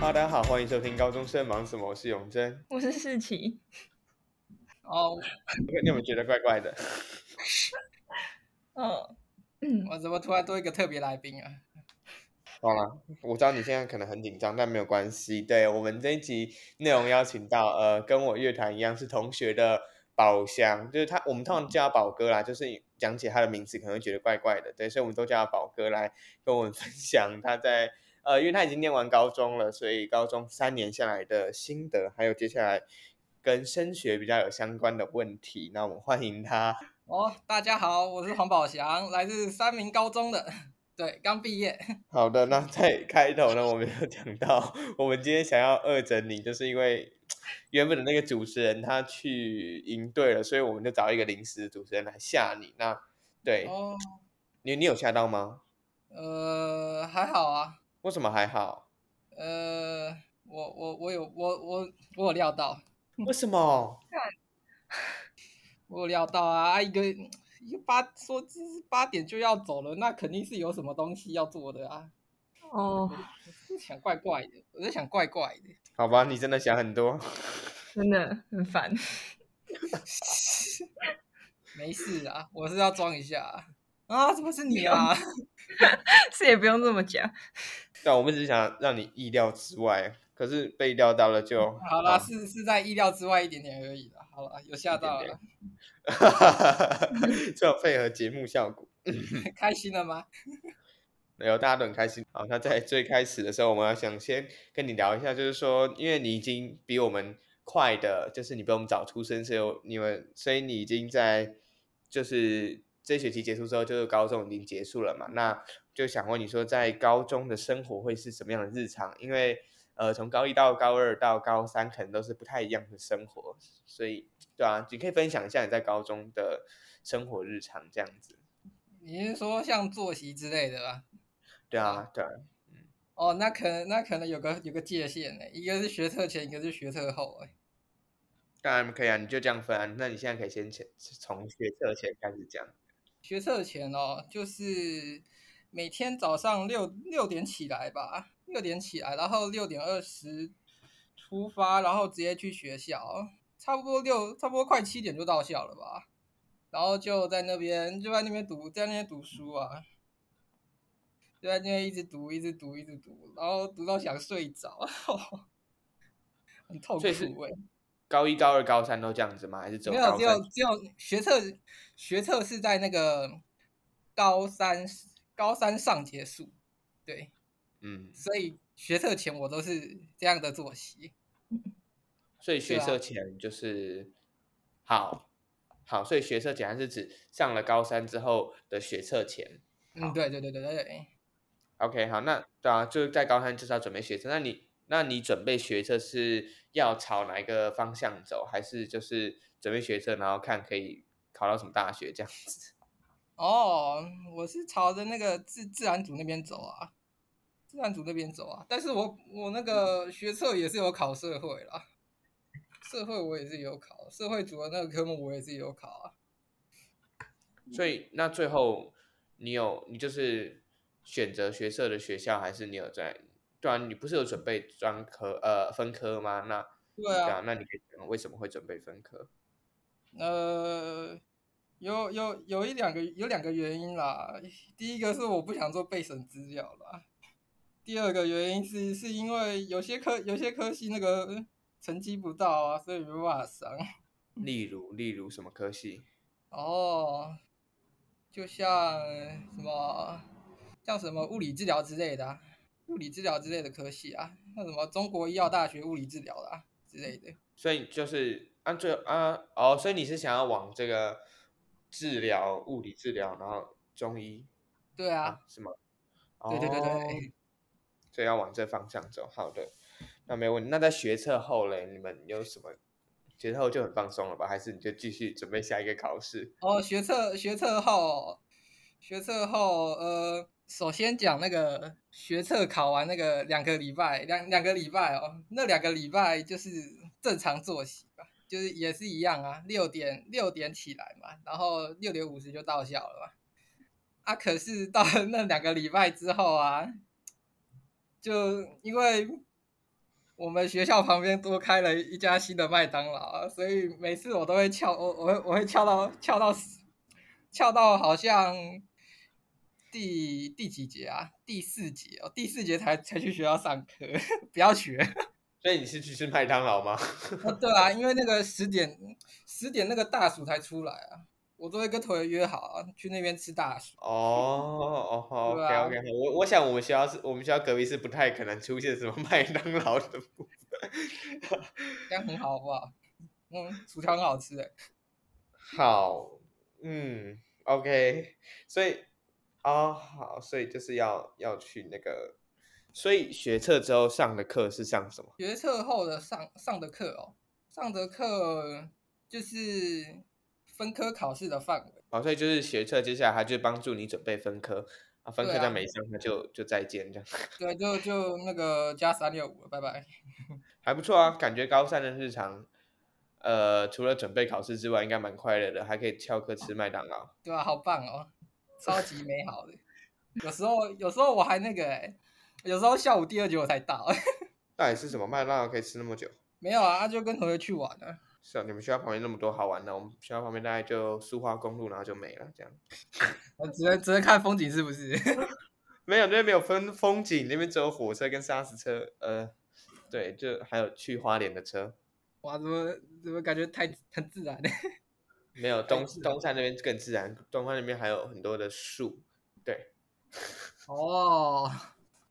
大家好，歡迎收聽高中生忙什麼？我是永珍，我是世奇。哦，oh. 你有沒有覺得怪怪的？嗯 oh. 我怎麼突然多一個特別來賓啊？好了，哦，我知道你現在可能很緊張，但沒有關係。對，我們這一集內容邀請到呃，跟我樂團一樣是同學的葆祥，就是他，我們通常叫他葆哥啦，就是講起他的名字可能會覺得怪怪的，對，所以我們都叫他葆哥來跟我們分享他在呃，因為他已經念完高中了，所以高中三年下來的心得，還有接下來跟升學比較有相關的問題，那我們歡迎他。哦，大家好，我是黃葆祥， 來自三民高中的。對，剛畢業。好的，那在開頭呢，我們就講到，我們今天想要惡整你，就是因為原本的那個主持人他去營隊了，所以我們就找一個臨時的主持人來嚇你。那對，哦、你你有嚇到嗎？呃，還好啊。為什麼還好？呃，我我我有我我我有料到。為什麼？ 我有料到啊，啊一個。八說這是八點就要走了，那肯定是有什麼東西要做的啊！哦，oh. 我在想怪怪的，我在想怪怪的。好吧，你真的想很多， 真的很煩。 沒事啊，我是要裝一下啊，啊！怎麼是你啊？這 也不用這麼講。 但我們只是想讓你意料之外，可是被料到了就……好了啦，嗯、是是在意料之外一點點而已了。好了，有嚇到了。哈哈哈哈哈， 這配合節目效果，嗯。 開心了嗎？沒有，大家都很開心。好，那在最開始的時候，我們要想先跟你聊一下，就是說，因為你已經比我們快的，就是你比我們早出生，所以你們，所以你已經在，就是這學期結束之後，就是高中已經結束了嘛？那就想問你說，在高中的生活會是什麼樣的日常？因為，呃，從高一到高二到高三，可能都是不太一樣的生活，所以。對啊，你可以分享一下你在高中的生活日常這樣子。你是說像作息之類的吧？對啊，對嗯、啊。哦，那可能那可能有個有個界限哎，一個是學測前，一個是學測後哎。當然可以啊，你就這樣分、啊、那你現在可以先從從學測前開始講。學測前哦，就是每天早上六六點起來吧，六點起來，然後六點二十出發，然後直接去學校。差不多六，差不多快七點就到校了吧，然後就在那邊就在那邊讀，在那邊讀書啊，就在那邊一直讀，一直讀，一直讀，然後讀到想睡着，呵呵很痛苦。高一、高二、高三都這樣子嗎？還是只有高三就這樣子？沒有，只有只有學測，學測是在那個高三高三上結束，對，嗯，所以學測前我都是這樣的作息。所以學測前就是，是啊、好，好，所以學測前單是指上了高三之後的學測前。嗯，對,對，對,對,對，對，對，對，OK，好，那對啊，就是在高三就是要準備學測。那你，那你準備學測是要朝哪一個方向走，還是就是準備學測，然後看可以考到什麼大學這樣子？哦，我是朝着那個自自然組那邊走啊，自然組那邊走啊。但是我我那個學測也是有考社會啦。社會我也是有考，社會組的那個科目我也是有考啊。所以那最後你有你就是選擇學社的學校，還是你有在？對啊，你不是有準備專科呃分科嗎？那對啊，那你可以講為什麼會準備分科？呃，有有有一兩個有兩個原因啦。第一個是我不想做備審資料啦，第二個原因是是因為有些科有些科系那個。成績不到啊，所以沒辦法上。例如，例如什麼科系？哦，就像什麼，叫什麼物理治療之類的，啊，物理治療之類的科系啊，像什麼中國醫藥大學物理治療的啊之類的。所以就是按這啊，哦，所以你是想要往這個治療、物理治療，然後中醫？對啊，啊。是嗎？哦、對對對對。所以要往這方向走。好的。那、啊、沒問題。那在學測後嘞，你們有什麼？學測後就很放鬆了吧？還是你就繼續準備下一個考試？哦，學測學測後，學測後，呃，首先講那個學測考完那個兩個禮拜，兩兩個禮拜哦，那兩個禮拜就是正常作息吧，就是也是一樣啊，六點六點起來嘛，然後六點五十就到校了嘛。啊，可是到了那兩個禮拜之後啊，就因為。我們學校旁邊多開了一家新的麥當勞，所以每次我都會翹，我我會我會翹到翹到翹到好像第第幾節啊？第四節哦，第四節才才去學校上課，不要學。所以你是去吃麥當勞嗎？ 啊對啊，因為那個十點十點那個大薯才出來啊。我都會跟同學約好、啊、去那邊吃大食。哦、oh, okay, okay, okay.，哦，好，OK，OK，我我想我們學校是，我們學校隔壁是不太可能出現什麼麥當勞的麼。這樣很好，好不好？嗯，薯條很好吃誒、欸。好，嗯，OK。所以，哦，好，所以就是要要去那個。所以學測之後上的課是上什麼？學測後的上上的課哦，上的課就是。分科考試的範圍、哦，所以就是學測，接下來他就幫助你準備分科、嗯、啊，分科在每生就、啊、就，就再見這樣。對，就就那個加三六五，拜拜。還不錯啊，感覺高三的日常，呃，除了準備考試之外，應該蠻快樂的，還可以翹課吃麥當勞、啊。對啊，好棒哦，超級美好的。 有時候，有時候我還那個、欸，有時候下午第二節我才到。到 底是什麼麥當勞可以吃那麼久？沒有啊，就跟同學去玩啊。是啊，你們學校旁邊那麼多好玩的，我們學校旁邊大概就蘇花公路，然後就沒了這樣。我只能只能看風景是不是？ 沒有那邊沒有風風景，那邊只有火車跟砂石車。呃，對，就還有去花蓮的車。哇，怎麼怎麼感覺太太自然了？沒有東東山那邊更自然，東山那邊還有很多的樹。對。哦。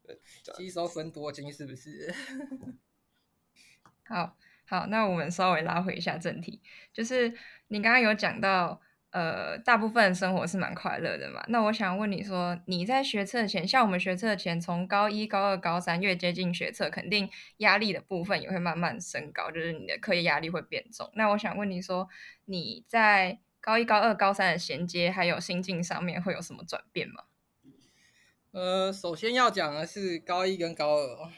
對轉，吸收芬多精是不是？ 好。好，那我們稍微拉回一下正題，就是你剛剛有講到，呃，大部分生活是蠻快樂的嘛。那我想問你說，你在學測前，像我們學測前，從高一、高二、高三越接近學測，肯定壓力的部分也會慢慢升高，就是你的課業壓力會變重。那我想問你說，你在高一、高二、高三的銜接還有心境上面會有什麼轉變嗎？呃，首先要講的是高一跟高二哦。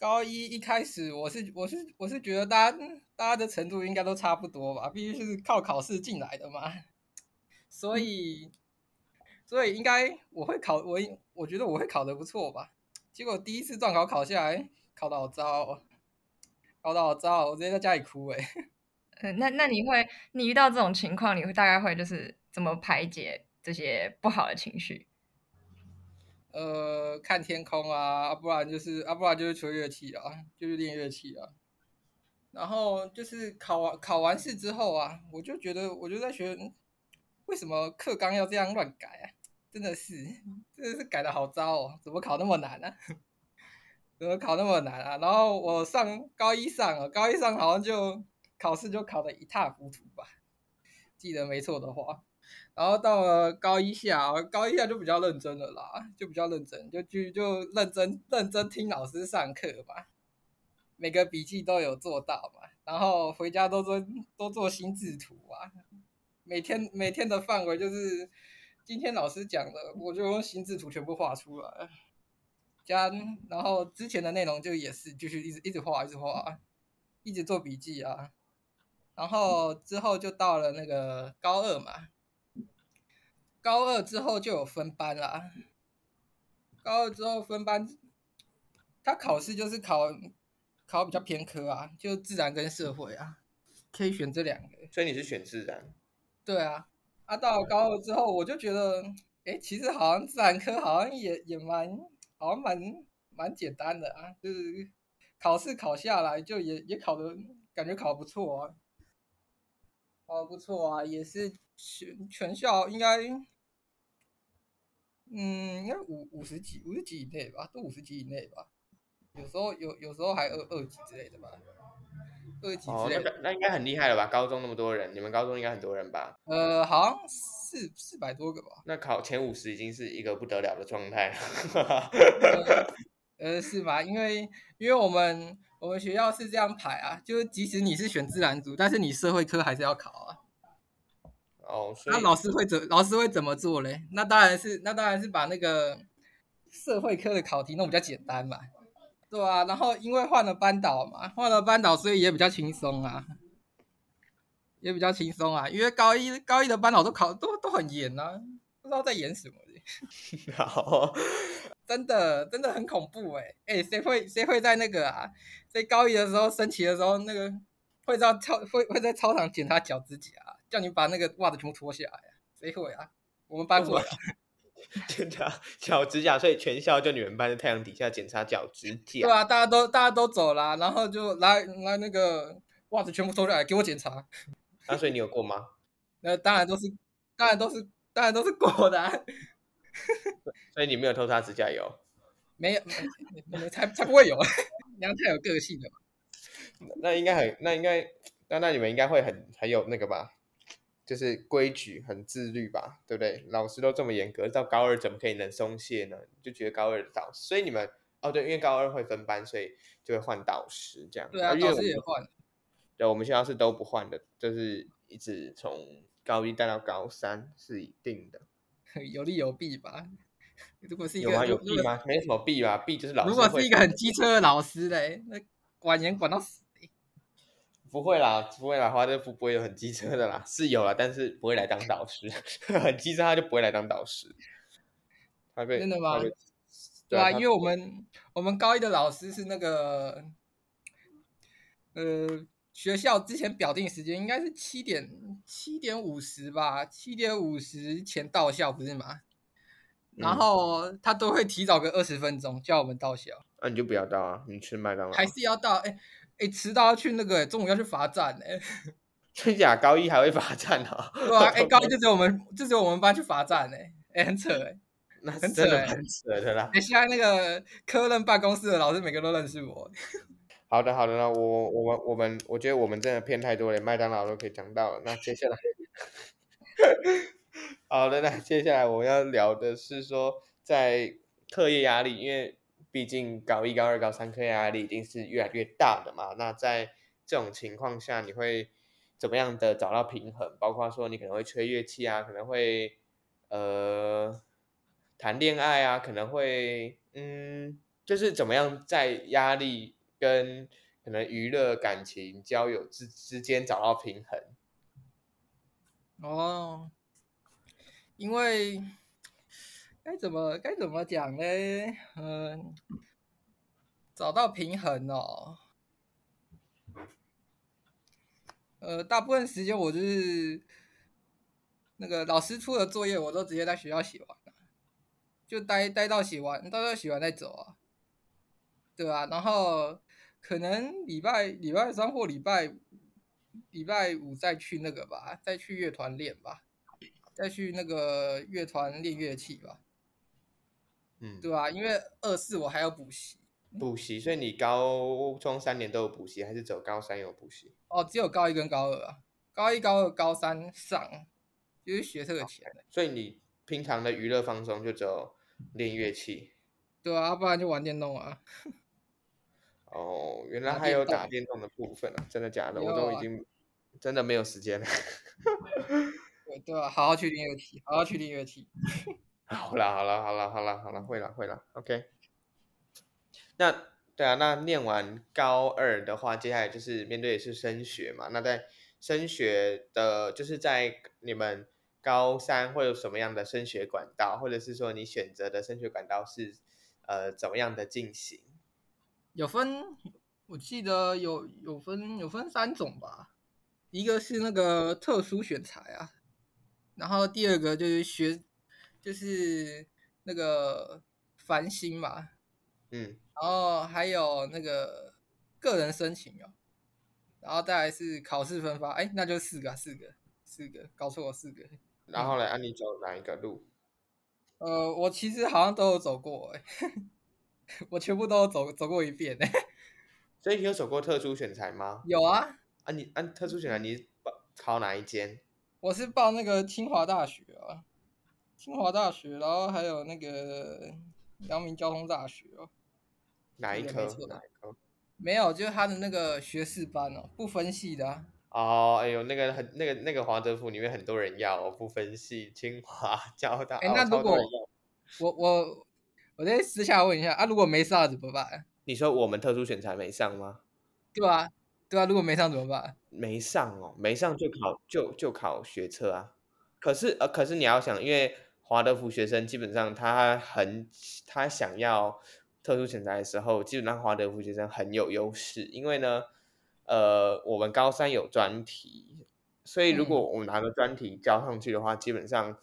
高一一開始我，我是我是我是覺得大家大家的程度應該都差不多吧，畢竟是靠考試進來的嘛，所以所以應該我會考我我覺得我會考的不錯吧，結果第一次段考考下來考的好糟，考的好糟，我直接在家裡哭誒、欸嗯。那那你會你遇到這種情況，你會大概會就是怎麼排解這些不好的情緒？呃，看天空啊，啊不然就是，啊、不然就是吹樂器啊，就是練樂器啊。然後就是考完，考完試之後啊，我就覺得，我就在學，為什麼課綱要這樣亂改啊？真的是，真的是改得好糟哦！怎麼考那麼難啊？怎麼考那麼難啊？然後我上高一上啊，高一上好像就考試就考得一塌糊塗吧，記得沒錯的話。然後到了高一下，高一下就比較認真了啦，就比較認真，就就就認真認真聽老師上課嘛，每個筆記都有做到嘛，然後回家都做都做心智圖啊，每天每天的範圍就是今天老師講的，我就用心智圖全部畫出來，加然後之前的內容就也是就是一直一直畫一直畫，一直做筆記啊，然後之後就到了那個高二嘛。高二之後就有分班啦。高二之後分班，他考試就是考考比較偏科啊，就自然跟社會啊，可以選這兩個。所以你是選自然？對啊。啊，到了高二之後，我就覺得，哎、欸，其實好像自然科好像也也蠻，好像蠻蠻簡單的啊，就是考試考下來，就也也考的，感覺考得不錯啊，哦不錯啊，也是全全校應該。嗯，應該五五十幾五十幾以內吧，都五十幾以內吧。有時候有有時候還二二十幾之類的吧，二十幾之類的。哦、那，那應該很厲害了吧？高中那麼多人，你們高中應該很多人吧？呃，好像四四百多個吧。那考前五十已經是一個不得了的狀態了 呃。呃，是吧？因為因為我們我們學校是這樣排啊，就是即使你是選自然組，但是你社會科還是要考啊。哦、那老師會怎老師會怎麼做嘞？那當然是那當然是把那個社會科的考題弄比較簡單嘛。對啊，然後因為換了班導嘛，換了班導所以也比較輕鬆啊，也比較輕鬆啊。因為高一高一的班導都考都都很嚴啊，不知道在嚴什麼。 後真的真的很恐怖哎、欸、哎，誰、欸、會誰會在那個啊？在高一的時候升旗的時候那個會到操會會在操場檢查腳趾甲、啊。叫你把那個襪子全部脫下來、啊，誰會啊？我們班會檢查腳趾甲，所以全校就你們班在太陽底下檢查腳趾甲。對啊，大家都大家都走了，然後就來來那個襪子全部脫下來給我檢查。那、啊、所以你有過嗎？那、 呃、當然都是，當然都是，當然都是過的、啊。 所以你沒有偷擦指甲油？沒有，才才不會有， 娘太有個性了。那應該很，那應該，那那你們應該會很很有那個吧？就是規矩很自律吧，對不對？老師都這麼嚴格，到高二怎麼可以能鬆懈呢？就覺得高二的導師，所以你們，哦對，因為高二會分班，所以就會換導師這樣。對啊，老師也換。對，我們學校是都不換的，就是一直從高一帶到高三是一定的。有利有弊吧？如果是有啊有弊嗎？如果，沒什麼弊吧？弊就是老師。如果是一個很機車的老師嘞，那管嚴管到死。不會啦，不會啦，華德福不會有很機車的啦，是有啦，但是不會來當導師。 很機車他就不會來當導師。他被真的嗎？被對啊，被因為我們我們高一的老師是那個，呃，學校之前表定時間應該是七點七點五十吧，七點五十前到校不是嗎？嗯、然後他都會提早個二十分鐘叫我們到校。那、啊、你就不要到啊，你吃麥當勞？還是要到？哎。哎，遲到要去那個誒，中午要去罰站呢。真假？高一還會罰站、哦、啊？哇，啊，哎，高一就只有我們，就只有我們班去罰站呢，哎，很扯哎，那很扯，很扯的啦。哎，現在那個科任辦公室的老師，每個都認識我。好的，好的，那我我們我們我覺得我們真的騙太多了，麥當勞都可以講到了。那接下來， 好的，那接下來我們要聊的是說，在課業壓力，因為。畢竟高一、高二、高三課業壓力一定是越來越大的嘛。那在這種情況下，你會怎麼樣的找到平衡？包括說你可能會吹樂器啊，可能會呃談戀愛啊，可能會嗯，就是怎麼樣在壓力跟可能娛樂、感情、交友之之間找到平衡？哦，因為。該怎麼該怎麼講呢？嗯、呃，找到平衡哦。呃，大部分時間我就是那個老師出的作業，我都直接在學校寫完了、啊，就待待到寫完，待到寫完再走啊，對吧、啊？然後可能禮拜禮拜三或禮拜禮拜五再去那個吧，再去樂團練吧，再去那個樂團練樂器吧。嗯，對啊，因為二四我還有補習，補習。所以你高中三年都有補習，還是走高三有補習？哦，只有高一跟高二啊，高一、高二、高三上就是學這個錢。哦，所以你平常的娛樂放鬆就只有練樂器。對啊，不然就玩電動啊。哦，原來還有打電動的部分啊，真的假的？啊。我都已經真的沒有時間了。對，對啊，好好去練樂器，好好去練樂器。好啦好啦好啦好啦好啦，會啦會啦 OK 那對啊，那念完高二的話，接下來就是面對的是升學嘛？那在升學的，就是在你們高三會有什麼樣的升學管道，或者是說你選擇的升學管道是呃怎麼樣的進行？有分，我記得有有分有分三種吧，一個是那個特殊選才啊，然後第二個就是學。就是那個繁星嘛，嗯，然後還有那個個人申請哦，然後再來是考試分發，哎、欸，那就四個，四個，四個，搞錯了，四個。然後呢，啊，你走哪一個路、嗯？呃，我其實好像都有走過、欸呵呵，我全部都有走走過一遍、欸、所以你有走過特殊選才嗎？有啊，啊，你按、啊、特殊選才，你報考哪一間？我是報那個清華大學啊。清華大學，然後還有那個陽明交通大學哦，哪一科？哪一科？沒有，就是他的那個學士班哦，不分系的、啊。哦，哎呦，那個很那個那個華德福裡面很多人要、哦，不分系。清華交大。哎、欸，哦、那如果我我我再私下問一下啊，如果沒上怎麼辦、啊？你說我們特殊選才沒上嗎？對啊，對啊，如果沒上怎麼辦、啊？沒上哦，沒上就考就就考學測啊。可是呃，可是你要想，因為。華德福學生基本上他很他想要特殊選才的時候，基本上華德福學生很有優勢，因為呢，呃，我們高三有專題，所以如果我們拿個專題交上去的話，嗯、基本上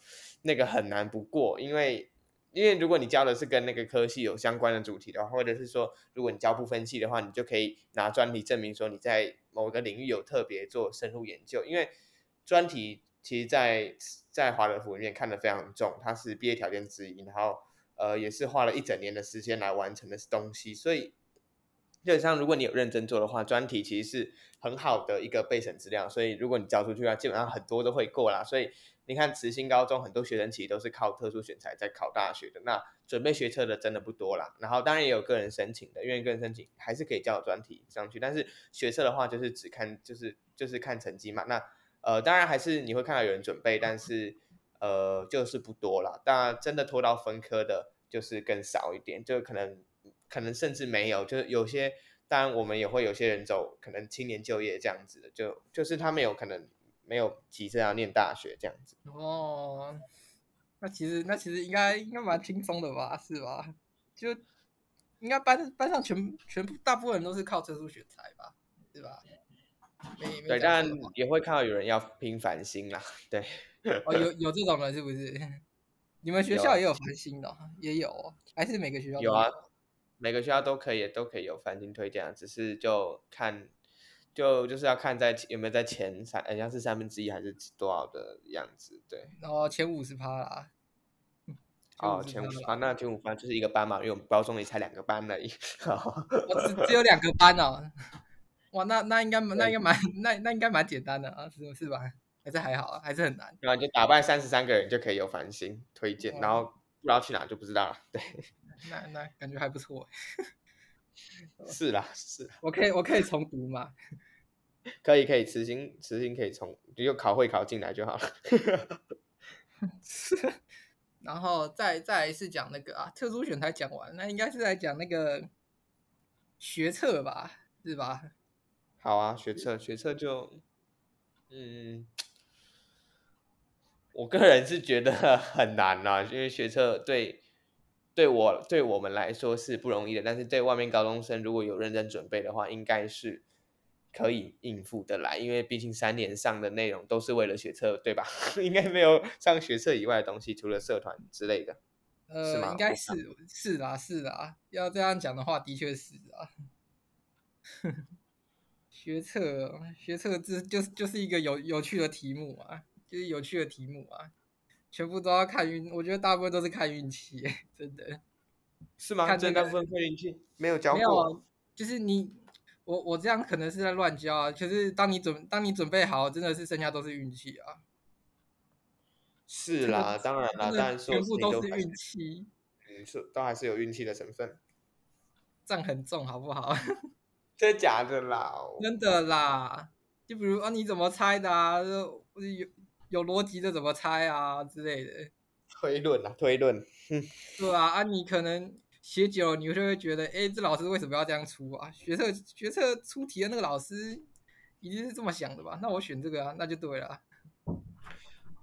那個很難不過，因為因為如果你交的是跟那個科系有相關的主題的話，或者是說如果你交不分系的話，你就可以拿專題證明說你在某個領域有特別做深入研究，因為專題其實在。在華德福裡面看得非常重，它是畢業條件之一，然後呃也是花了一整年的時間來完成的東西，所以就像如果你有認真做的話，專題其實是很好的一個備審資料，所以如果你交出去的話，基本上很多都會過啦。所以你看慈心高中很多學生其實都是靠特殊選才在考大學的，那準備學測的真的不多啦。然後當然也有個人申請的，因為個人申請還是可以交專題上去，但是學測的話就是只看就是就是看成績嘛，那。呃，當然還是你會看到有人準備，但是呃，就是不多了。當然真的拖到分科的，就是更少一點，就可能可能甚至沒有。就是有些，當然我們也會有些人走可能青年就業這樣子的，就就是他們有可能沒有急着要念大學這樣子。哦，那其實那其實應該應該蠻輕鬆的吧，是吧？就應該班班上全全部大部分人都是靠特殊選才吧，對吧？嗯對，但也會看到有人要拼繁星啦。對，哦，有有這種的是不是？你們學校也有繁星的、哦，有啊、也有、哦，還是每個學校都可以有啊？每個學校都可以，都可以有繁星推薦、啊，只是就看，就就是要看在有沒有在前三，好像是三分之一還是多少的樣子？對，哦，前五十趴啦。哦，前五十趴，前那前五十趴就是一個班嘛，因為我們高中也才兩個班而已。我、 哦、只只有兩個班哦、啊。 哇，那那應該蠻那應該蠻那那應該蠻簡單的啊，是是吧？還是還好啊，還是很難。然後對就打敗三十三個人就可以有繁星推薦，對然後不知道去哪就不知道了。對，那那，那感覺還不錯。 是啦，是。我可以我可以重讀嗎？可以 可以，此行此行可以重，就考會考進來就好了。 是，然後再再來一次講那個啊，特殊選才講完，那應該是在講那個學測吧，是吧？好啊，學測學測就，嗯，我個人是覺得很難啊，因為學測對對我對我們來說是不容易的，但是對外面高中生如果有認真準備的話，應該是可以應付得來，因為畢竟三年上的內容都是為了學測，對吧？ 應該沒有上學測以外的東西，除了社團之類的，呃、是嗎？應該是是啦，是啦，要這樣講的話，的確是啊。 學測，學測，這就是就是一個有有趣的題目啊，就是有趣的題目啊，全部都要看運，我覺得大部分都是看運氣，真的是嗎？看這大部分看運氣，沒有教，沒有，就是你，我我這樣可能是在亂教啊，就是當你準當你準備好，真的是剩下都是運氣啊。是啦，的當然啦，當然說是，全部都是運氣，是都還是有運氣的成分，佔很重，好不好？真的假的啦，真的啦。就比如啊，你怎麼猜的啊？有有邏輯的怎麼猜啊之類的？推論啊，推論。嗯、對啊，啊，你可能寫久了，你就會覺得，哎，這老師為什麼要這樣出啊？學測學測出題的那個老師一定是這麼想的吧？那我選這個啊，那就對了。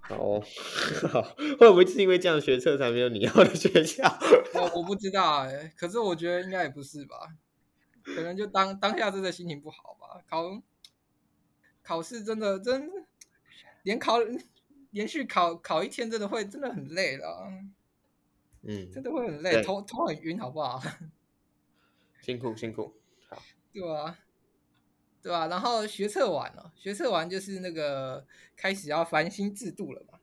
哦，oh. 會不會是因為這樣的學測才沒有你要的學校？ 我我不知道哎、欸，可是我覺得應該也不是吧。可能就當當下真的心情不好吧。考考試真的真連考連續考考一天，真的會真的很累了。嗯，真的會很累，對頭頭很暈，好不好？辛苦辛苦，好。對啊，對啊。然後學測完了啊，學測完就是那個開始要繁星制度了嘛。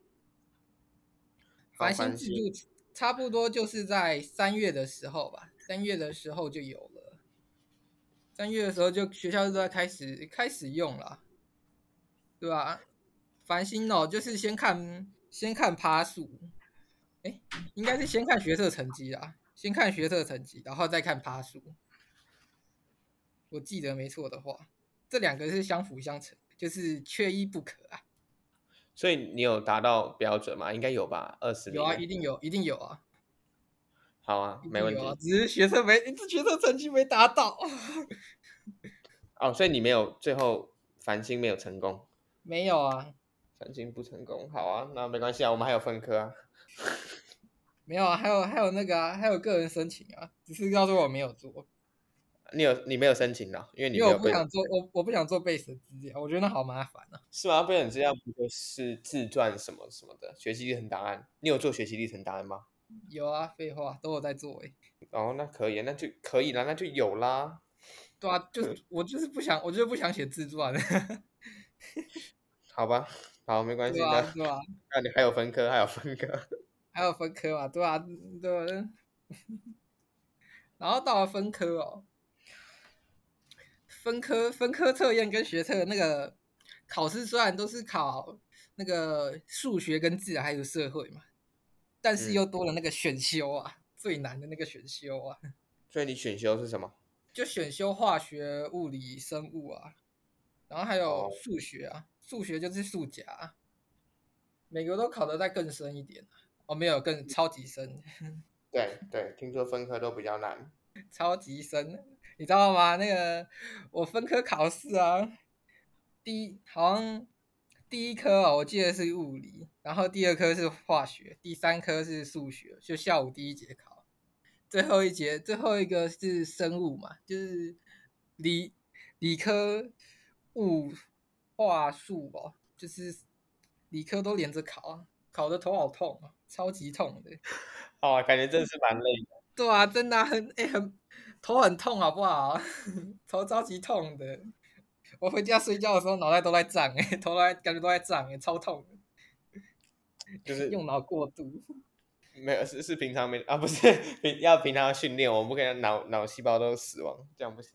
繁星制度差不多就是在三月的時候吧，三月的時候就有。三月的時候，就學校都在開始開始用了啊，對吧？繁星哦，就是先看先看趴數，哎，應該是先看學測成績啦，先看學測成績，然後再看趴數。我記得沒錯的話，這兩個是相輔相成，就是缺一不可啊。所以你有達到標準嗎？應該有吧，二十。有啊，一定有，一定有啊。好啊，沒，啊沒問題。只是學生沒，只是學生成績沒達到。 哦，所以你沒有最後繁星沒有成功？沒有啊。繁星不成功，好啊，那沒關係啊，我們還有分科啊。 沒有啊，還有還有那個啊，還有個人申請啊，只是要說我沒有做。你有你沒有申請的、啊，因為你沒有因為我不想做，我我不想做備審資料，我覺得那好麻煩啊。是嗎？備審資料不是自傳什麼什麼的學習歷程檔案？你有做學習歷程檔案嗎？有啊，廢話都有在做哎。哦，那可以，那就可以啦，那就有啦。對啊，就是我就是不想，我就是不想寫自傳。 好吧，好沒關係的、啊。對啊，那你還有分科，還有分科，還有分科啊？對啊，對啊。 然後到了分科哦，分科、分科測驗跟學測那個考試，雖然都是考那個數學跟自然還有社會嘛。但是又多了那個選修啊，嗯、最難的那個選修啊。所以你選修是什麼？就選修化學、物理、生物啊，然後還有數學啊，哦、數學就是數甲，每個都考得再更深一點哦，沒有更超級深。對對，對 聽說分科都比較難，超級深，你知道嗎？那個我分科考試啊，第一好像，第一科啊、哦，我記得是物理，然後第二科是化學，第三科是數學，就下午第一節考，最後一節最後一個是生物嘛，就是理理科物化數吧、哦，就是理科都連着考，考得頭好痛，超級痛的，啊、哦，感覺真的是蠻累的、嗯，對啊，真的、啊、很哎、欸、很頭很痛，好不好？ 頭超級痛的。我回家睡覺的時候，腦袋都在漲哎、欸，頭感覺都在漲、欸、超痛。就是用腦過度。沒有是是平常沒啊，不是平要平常訓練，我不可以腦腦細胞都死亡，這樣不行。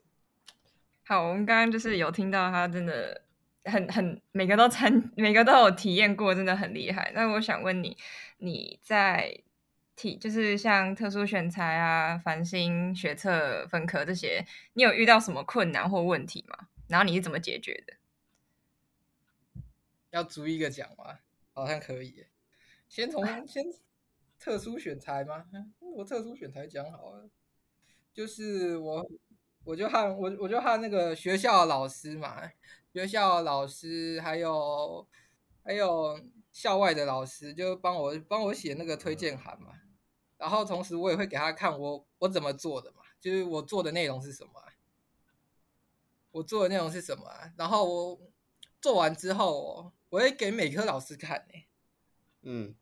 好，我們剛剛就是有聽到他真的很很每個都參每個都有體驗過，真的很厲害。那我想問你，你在體就是像特殊選才啊、繁星、學測、分科這些，你有遇到什麼困難或問題嗎？然後你是怎麼解決的？要逐一個講嗎？好像可以。先從 先特殊選材特殊選才嗎？我特殊選才講好了，就是我我就和我我就和那個學校老師嘛，學校老師還有還有校外的老師，就幫我幫我寫那個推薦函嘛。嗯、然後同時我也會給他看我我怎麼做的嘛，就是我做的內容是什麼。我做的內容是什麼啊？然後我做完之後、哦，我也給每科老師看嗯，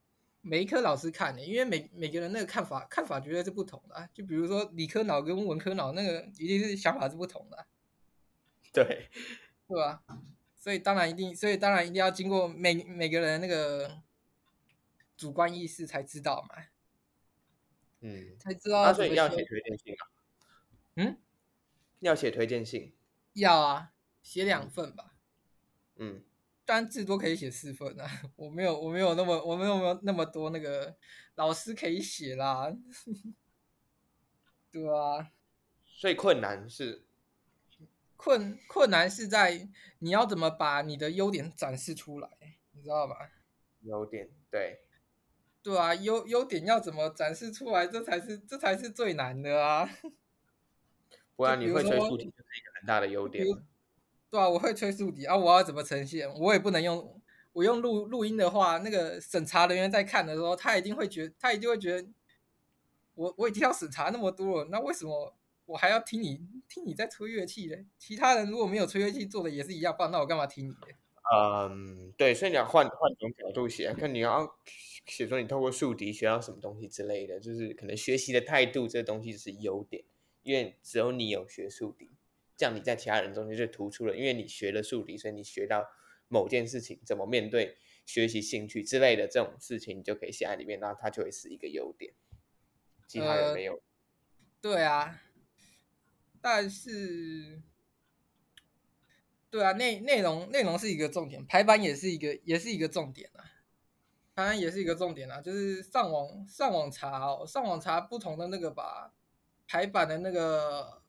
每一科老師看呢，因為每每個人那個看法看法絕對是不同的、啊。就比如說理科腦跟文科腦那個，一定是想法是不同的、啊。對，是 吧？所以當然一定，所以當然一定要經過每每個人的那個主觀意識才知道嘛。嗯，才知道。那所以你要寫推薦信啊？嗯，要寫推薦信。要啊，寫兩份吧。嗯，但至多可以寫四份啊。我沒有，我沒有那麼，我沒有沒有那麼多那個老師可以寫啦。 對啊，最困難是困困難是在你要怎麼把你的優點展示出來，你知道吧？優點，對對啊，優優點要怎麼展示出來？這才是這才是最難的啊！ 不然、啊、你會說。大的優點。對，對啊，我會吹豎笛啊，我要怎麼呈現？我也不能用，我用錄錄音的話，那個審查人員在看的時候，他一定會覺，他一定會覺得，我我已經要審查那麼多了，那為什麼我還要聽你聽你在吹樂器嘞？其他人如果沒有吹樂器做的也是一樣棒，那我幹嘛聽你？嗯，um, 對，所以你要換換種角度寫，看你要寫說你透過豎笛學到什麼東西之類的，就是可能學習的態度這東西是優點，因為只有你有學豎笛。這樣你在其他人中間就突出了，因為你學了數理，所以你學到某件事情怎麼面對學習興趣之類的這種事情，你就可以寫在裡面，那它就會是一個優點，其他人沒有。呃、對啊，但是，對啊，內內容內容是一個重點，排版也是一個也是一個重點啊，當然也是一個重點啊，就是上網上網查哦，上網查不同的那個吧，排版的那個。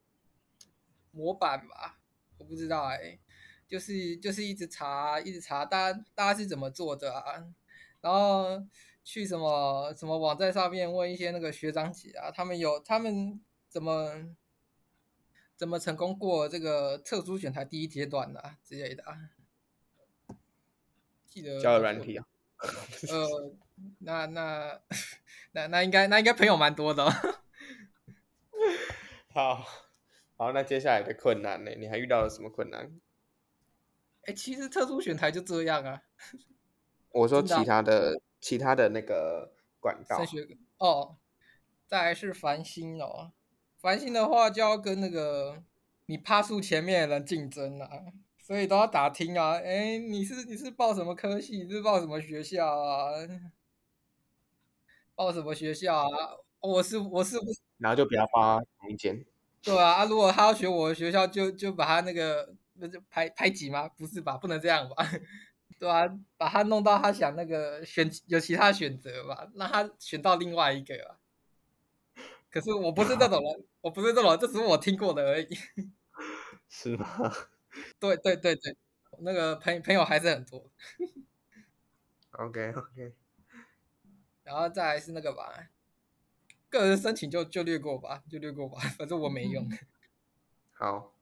模板吧，我不知道哎、欸，就是就是一直查，一直查，大家大家是怎麼做的啊？然後去什麼什麼網站上面問一些那個學長姐啊，他們有他們怎麼怎麼成功過這個特殊選才第一階段、啊、這的之、啊、類的。教軟體啊？ 呃，那那 那那應該那應該朋友蠻多的。 好。好，那接下來的困難呢？你還遇到了什麼困難？哎、欸，其實特殊選才就這樣啊。我說其他的，的其他的那個管道哦，再來是繁星哦。繁星的話就要跟那個你爬樹前面的人競爭了、啊，所以都要打聽啊。哎、欸，你是你是報什麼科系？你是報什麼學校啊？報什麼學校啊？我是我是。然後就給他發同一對啊，啊，如果他要學我的學校，就就把他那個那就排排擠嗎？不是吧，不能這樣吧？對啊，把他弄到他想那個選有其他選擇吧，讓他選到另外一個吧。可是我不是這種人， 我不是這種人，這只是我聽過的而已。 是嗎？對對對對，那個朋友朋友還是很多。 OK OK，然後再來是那個吧。個人申請就就略過吧，就略過吧，反正我沒用、嗯。好，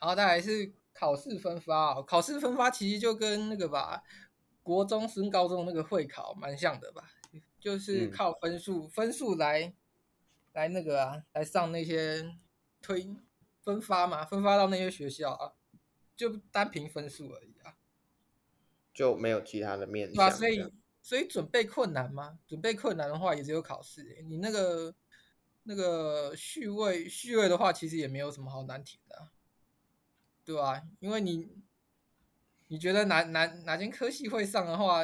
然後再來是考試分發、哦，考試分發其實就跟那個吧，國中升高中那個會考蠻像的吧，就是靠分數，嗯、分數來來那個啊，來上那些推分發嘛，分發到那些學校、啊，就單憑分數而已啊，就沒有其他的面向。啊所以準備困難嗎？準備困難的話，也只有考試欸。你那個那個序位序位的話，其實也沒有什麼好難填的啊，對啊，因為你你覺得哪哪哪間科系會上的話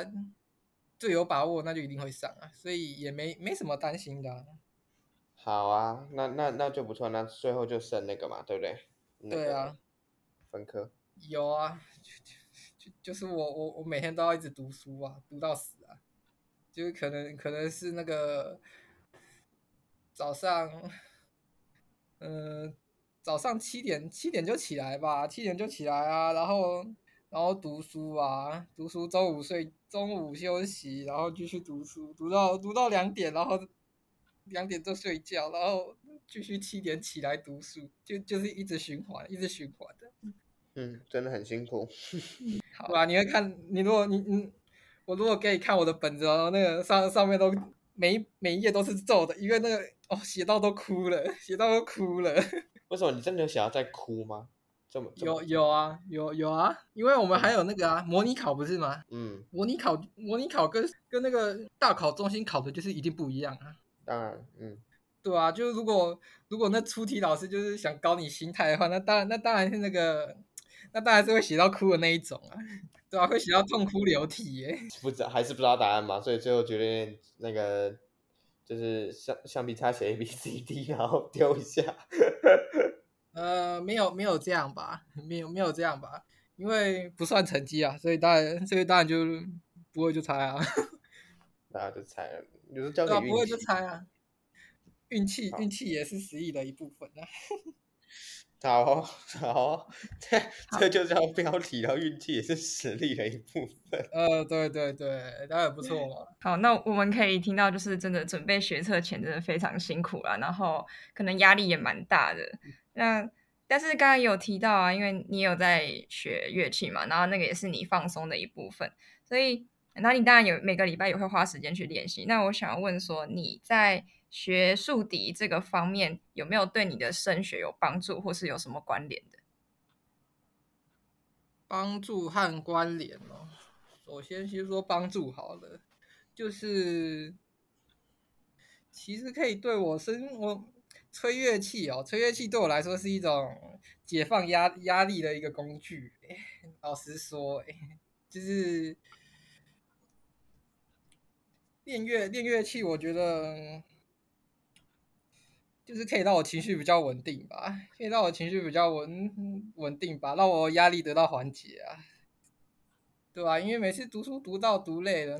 最有把握，那就一定會上啊，所以也沒沒什麼擔心的啊。好啊，那那那就不錯，那最後就剩那個嘛，對不對？那個分科。對啊。有啊，就就就就是我我我每天都要一直讀書啊，讀到死。就是可能可能是那個早上，嗯、呃，早上七點七點就起來吧，七點就起來啊，然後然後讀書啊，讀書中午睡，中午休息，然後繼續讀書，讀到讀到兩點，然後兩點就睡覺，然後繼續七點起來讀書，就就是一直循環，一直循環。嗯，真的很辛苦。 好吧，你會看，你如果你你。我如果給你看我的本子，哦，那個上上面都每一，每一頁都是皺的，因為那個哦，寫到都哭了，寫到都哭了。為什麼你真的有想要再哭嗎？這麼有，有啊，有有啊，因為我們還有那個啊，模擬考不是嗎？嗯模，模擬考模擬考跟跟那個大考中心考的就是一定不一樣啊。當然，嗯，對啊，就是如果如果那出題老師就是想搞你心態的話，那當然那當然是那個。那當然是會寫到哭的那一種啊，對啊，會寫到痛哭流涕耶。不知道還是不知道答案嘛，所以最後決定那個就是橡橡皮擦寫 A B C D，然後丟一下。 呃，沒有沒有這樣吧，沒有沒有這樣吧，因為不算成績啊，所以當然所以當然就不會就猜啊。那 就猜了，就是交給運氣、啊、不會就猜啊，運氣運氣也是實力的一部分啊。 好好，這這就是標題啊！好然後運氣也是實力的一部分。呃，對對對，當然不錯嘛。嗯、好，那我們可以聽到，就是真的準備學測前真的非常辛苦了，然後可能壓力也蠻大的。那但是剛剛有提到啊，因為你有在學樂器嘛，然後那個也是你放鬆的一部分，所以那你當然有每個禮拜也會花時間去練習。那我想要問說你在。學豎笛這個方面有沒有對你的升學有幫助，或是有什麼關聯的？幫助和關聯哦。首先先說幫助好了，就是其實可以對我生我吹樂器哦，吹樂器對我來說是一種解放壓壓力的一個工具，哎。老實說，哎，就是練樂練樂器，我覺得。就是可以讓我情緒比較穩定吧，可以讓我情緒比較穩穩定吧，讓我壓力得到緩解啊，對啊，因為每次讀書讀到讀累了，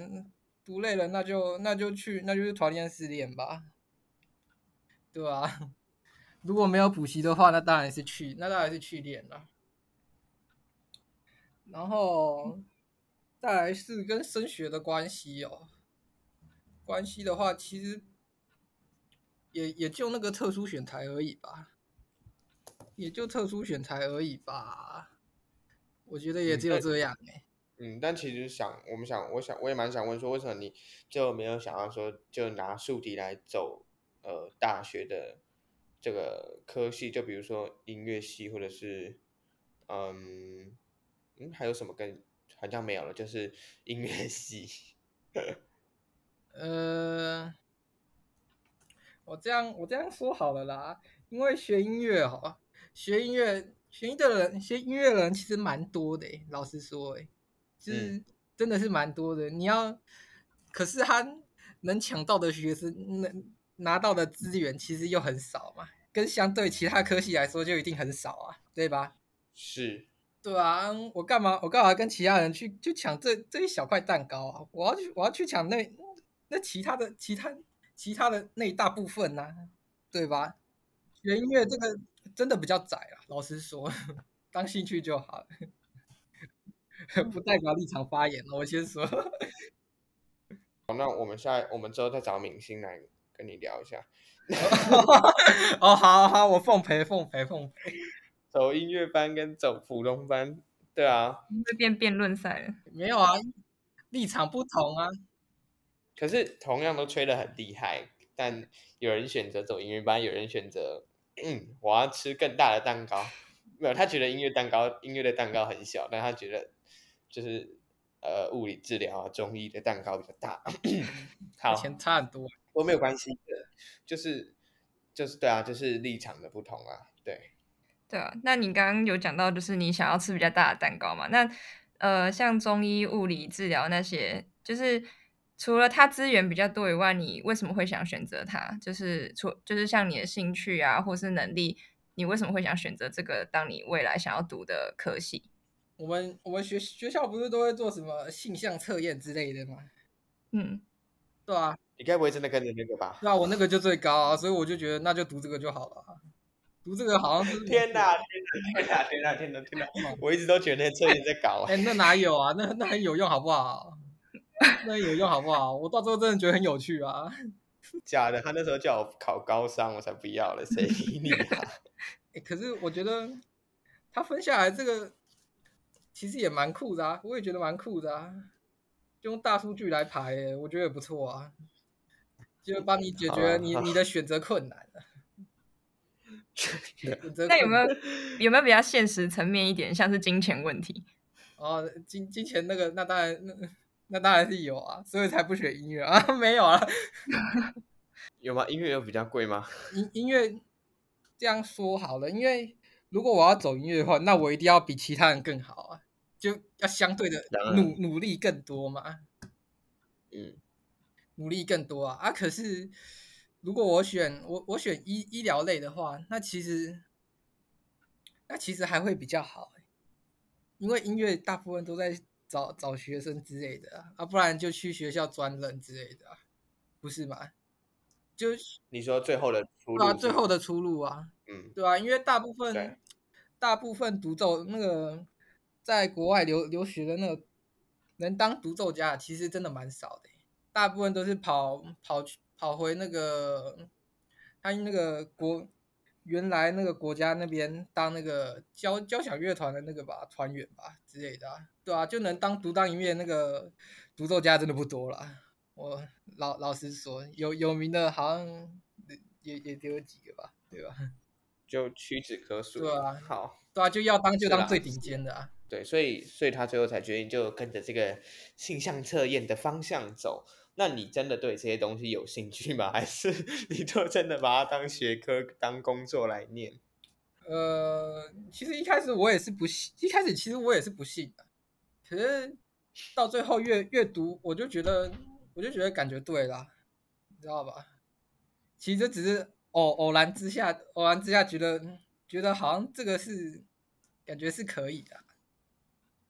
讀累了，那就那就去那就是團練私練吧，對啊，如果沒有補習的話，那當然是去那當然是去練了。然後，再來是跟升學的關係哦，關係的話其實。也也就那個特殊選才而已吧，也就特殊選才而已吧。我覺得也只有這樣，欸、嗯，嗯，嗯，但其實想我們想，我想我也蠻想問說，為什麼你就沒有想要說就拿豎笛來走呃大學的這個科系？就比如說音樂系，或者是嗯嗯還有什麼跟，好像沒有了，就是音樂系。 呃。我這樣我這樣說好了啦，因為學音樂學音樂學，學音樂的人學音樂的人其實蠻多的，欸，老實說，欸，就是真的是蠻多的。嗯，你要，可是他能搶到的學生，能拿到的資源其實又很少嘛，跟相對其他科系來說就一定很少啊，對吧？是，對啊，我幹嘛我幹嘛跟其他人去就搶這這一小塊蛋糕啊？我要去我要去搶那那其他的其他。其他的那一大部分呢，啊，對吧？學音樂這個真的比較窄啊。老實說，當興趣就好了，不代表立場發言了。我先說，好，那我們下我們之後再找明星來跟你聊一下。 哦，好好，好，我奉陪，奉陪，奉陪。走音樂班跟走普通班，對啊。在辯辯論賽？沒有啊，立場不同啊。可是同樣都吹得很厲害，但有人選擇走音樂班，有人選擇，嗯，我要吃更大的蛋糕。沒有，他覺得音樂蛋糕，音樂的蛋糕很小，但他覺得就是呃，物理治療啊，中醫的蛋糕比較大。 好，以前差很多，我沒有關係的，就是就是對啊，就是立場的不同啊，對，對啊。那你剛剛有講到，就是你想要吃比較大的蛋糕嘛？那呃，像中醫、物理治療那些，就是。除了它資源比較多以外，你為什麼會想選擇它？就是除就是像你的興趣啊，或是能力，你為什麼會想選擇這個當你未來想要讀的科系？我們我們學學校不是都會做什麼性向測驗之類的嗎？嗯，對啊。你該不會真的跟着那個吧？那、啊、我那個就最高啊，所以我就覺得那就讀這個就好了、啊。讀這個好像是，是 天哪、啊、天哪、啊、天哪、啊、天哪、啊、天哪天哪。我一直都覺得測驗在搞、啊。哎、 欸，那哪有啊？那那很有用，好不好？ 那有用好不好？我到時候真的覺得很有趣啊！假的，他那時候叫我考高三，我才不要了，誰理你啊 欸？可是我覺得他分下來這個其實也蠻酷的啊，我也覺得蠻酷的啊。就用大數據來排，我覺得也不錯啊。就幫你解決你、啊啊、你的選擇困難， 選擇困難那有沒有，有沒有比較現實層面一點，像是金錢問題？ 哦，金金錢那個，那當然那個。那當然是有啊，所以才不選音樂啊，沒有啊，有嗎？音樂有比較貴嗎？音音樂這樣說好了，因為如果我要走音樂的話，那我一定要比其他人更好啊，就要相對的努努力更多嘛，嗯，努力更多啊啊！可是如果我選我我選醫醫療類的話，那其實那其實還會比較好欸，因為音樂大部分都在。找找學生之類的啊，不然就去學校專任之類的啊，不是嗎？就你說最後的出路是不是？對啊，最後的出路啊，嗯，對啊，因為大部分對大部分獨奏那個在國外留留學的那個能當獨奏家，其實真的蠻少的，大部分都是跑跑去跑回那個他那個國原來那個國家那邊當那個交交響樂團的那個吧團員吧。之類的、啊，對啊，就能當獨當一面那個獨奏家真的不多了。我老老實說，有有名的好像也也只有幾個吧，對吧？就屈指可數。對啊，好，對啊，就要當就當最頂尖的啊，啊，啊。對，所以所以他最後才決定就跟着這個性向測驗的方向走。那你真的對這些東西有興趣嗎？還是你就真的把它當學科、當工作來念？呃，其實一開始我也是不信，一開始其實我也是不信的，可是到最後越越讀，我就覺得，我就覺得感覺對了，你知道吧？其實只是偶偶然之下，偶然之下覺得，覺得好像這個是感覺是可以的。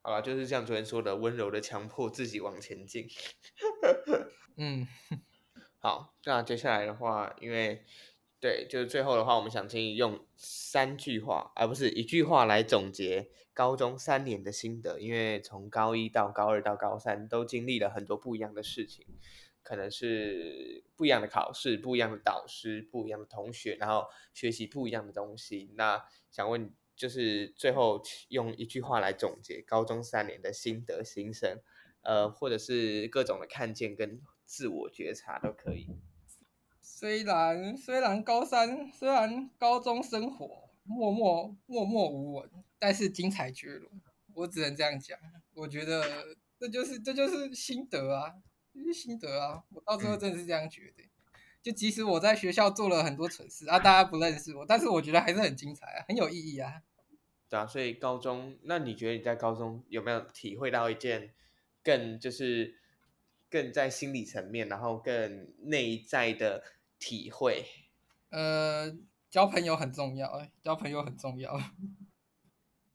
好吧，就是像昨天說的，溫柔的強迫自己往前進。 嗯，好，那接下來的話，因為。對，就是最後的話，我們想建議用三句話，而、呃、不是一句話來總結高中三年的心得，因為從高一到高二到高三，都經歷了很多不一樣的事情，可能是不一樣的考試、不一樣的導師、不一樣的同學，然後學習不一樣的東西。那想問，就是最後用一句話來總結高中三年的心得心聲，呃，或者是各種的看見跟自我覺察都可以？雖然雖然高三，雖然高中生活默默默默無聞，但是精彩絕倫，我只能這樣講。我覺得這就是這就是心得啊，這就是心得啊。我到最後真的是這樣覺得。嗯。就即使我在學校做了很多蠢事啊，大家不認識我，但是我覺得還是很精彩啊，很有意義啊。對啊，所以高中，那你覺得你在高中有沒有體會到一件更就是更在心理層面，然後更內在的？體會，呃，交朋友很重要，交朋友很重要，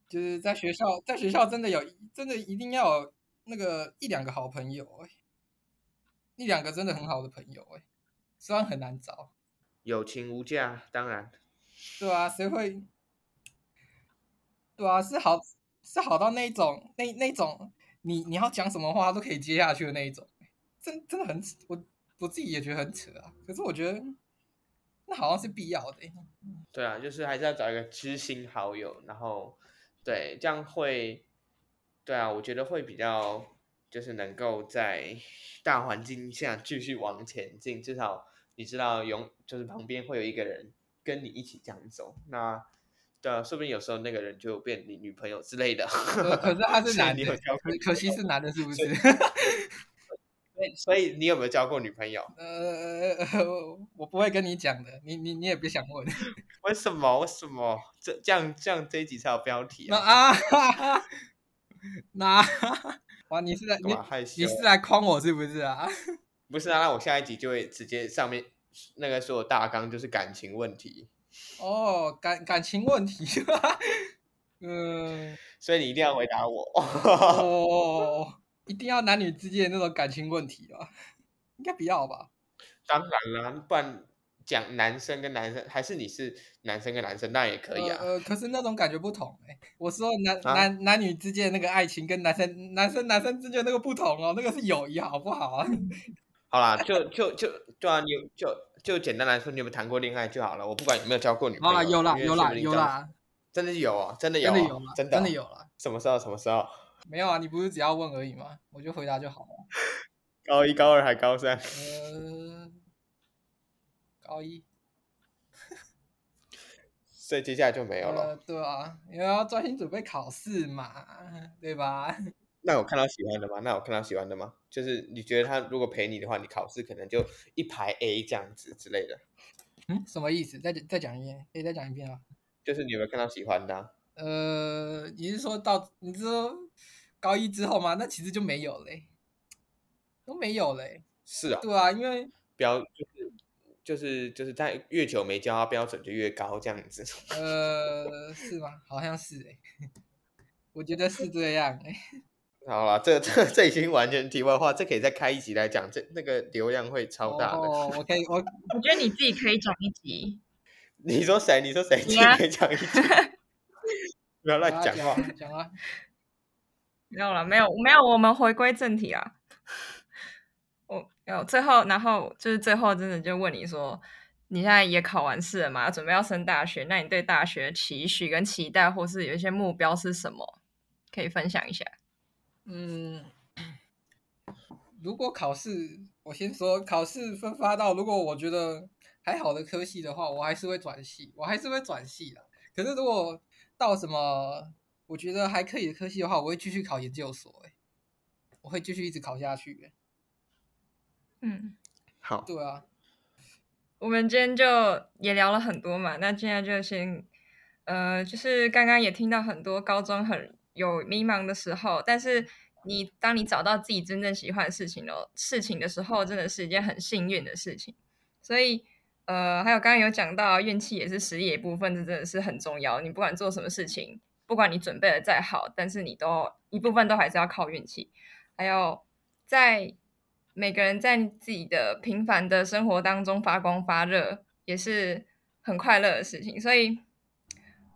就是在學校，在學校真的有，真的一定要有那個一兩個好朋友，哎，一兩個真的很好的朋友，哎，雖然很難找，友情無價，當然，對啊，誰會？對啊，是好，是好到那種，那那種，你你要講什麼話都可以接下去的那一種，真真的很我。我自己也覺得很扯啊，可是我覺得那好像是必要的欸。對啊，就是還是要找一個知心好友，然後對，這樣會，對啊，我覺得會比較，就是能夠在大環境下繼續往前進。至少你知道有，就是旁邊會有一個人跟你一起這樣走。那對啊，說不定有時候那個人就變你女朋友之類的。可是他是男的， 的可惜是男的，是不是？以 所以你有沒有交過女朋友？呃我，我不會跟你講的，你你你也別想問。為什麼？為什麼？這樣這樣這樣，這一集才有標題啊！啊，那、啊啊、哇，你是在、啊、你你是在誆我是不是啊？不是啊，那我下一集就會直接上面那個說我大綱就是感情問題哦，感感情問題， 嗯，所以你一定要回答我哦。一定要男女之間的那種感情問題嗎？應該不要吧。當然啦、啊，不然講男生跟男生，還是你是男生跟男生，那也可以啊。呃，呃，可是那種感覺不同哎、欸。我說男男男女之間的那個愛情，跟男生、啊、男生男生之間的那個不同哦、喔，那個是友誼，好不好啊？好啦，就就就就啊，你就就簡單來說，你有沒有談過戀愛就好了。我不管有沒有交過女朋友。啦、啊、有啦，是是有啦有啦，真的有、啊，真的有啊，真的，真的有、啊，真的有了、啊，真的有了。什麼時候？什麼時候？沒有啊，你不是只要問而已嗎？我就回答就好了。高一、高二還高三？呃、高一，所以接下來就沒有了、呃。對啊，因為要專心準備考試嘛，對吧？那我看到喜歡的嗎？那我看到喜歡的嗎？就是你覺得他如果陪你的話，你考試可能就一排 A 這樣子之類的。嗯，什麼意思？再再講一遍，A 再、欸、講一遍啊。就是你有沒有看到喜歡的、啊？呃，你是說到，你是說。高一之後嘛，那其實就沒有嘞、欸，都沒有嘞、欸。是啊，對啊，因為標就是就是就是在越久沒教，它標準就越高這樣子。呃，是嗎？好像是哎、欸，我覺得是這樣哎、欸。 好了，這這這已經完全題外話，這可以再開一集來講，這那個流量會超大的。OK，我我覺得你自己可以講一集。你說誰？你說誰？你講一集，不要亂講話，講 話。沒有了，沒有沒有，我們回歸正題啊。我、哦、有最後，然後就是最後，真的就問你說，你現在也考完試了嘛？準備要升大學，那你對大學期許跟期待，或是有一些目標是什麼？可以分享一下。嗯，如果考試，我先說考試分發到，如果我覺得還好的科系的話，我還是會轉系，我還是會轉系的。可是如果到什麼？我覺得還可以的科系的話，我會繼續考研究所。哎，我會繼續一直考下去。嗯，好，對啊。好我們今天就也聊了很多嘛，那現在就先呃，就是剛剛也聽到很多高中很有迷茫的時候，但是你當你找到自己真正喜歡的事情的，事情的時候，真的是一件很幸運的事情。所以呃，還有剛剛有講到運氣也是實力的一部分，這真的是很重要，你不管做什麼事情。不管你準備的再好，但是你都一部分都還是要靠運氣。還有，在每個人在自己的平凡的生活當中發光發熱，也是很快樂的事情。所以，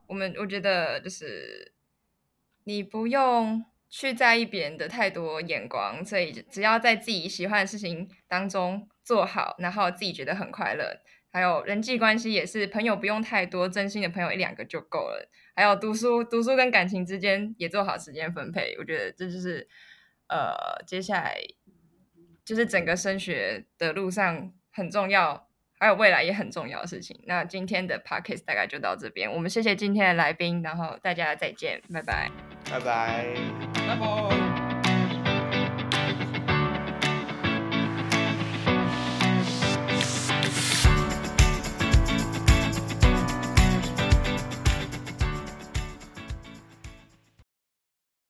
我們我覺得就是你不用去在意別人的太多眼光，所以只要在自己喜歡的事情當中做好，然後自己覺得很快樂。還有人際關係也是，朋友不用太多，真心的朋友一兩個就夠了。還有讀書，讀書跟感情之間也做好時間分配，我覺得這就是呃，接下來就是整個升學的路上很重要，還有未來也很重要的事情。那今天的 podcast 大概就到這邊，我們謝謝今天的來賓，然後大家再見，拜拜，拜拜，拜拜。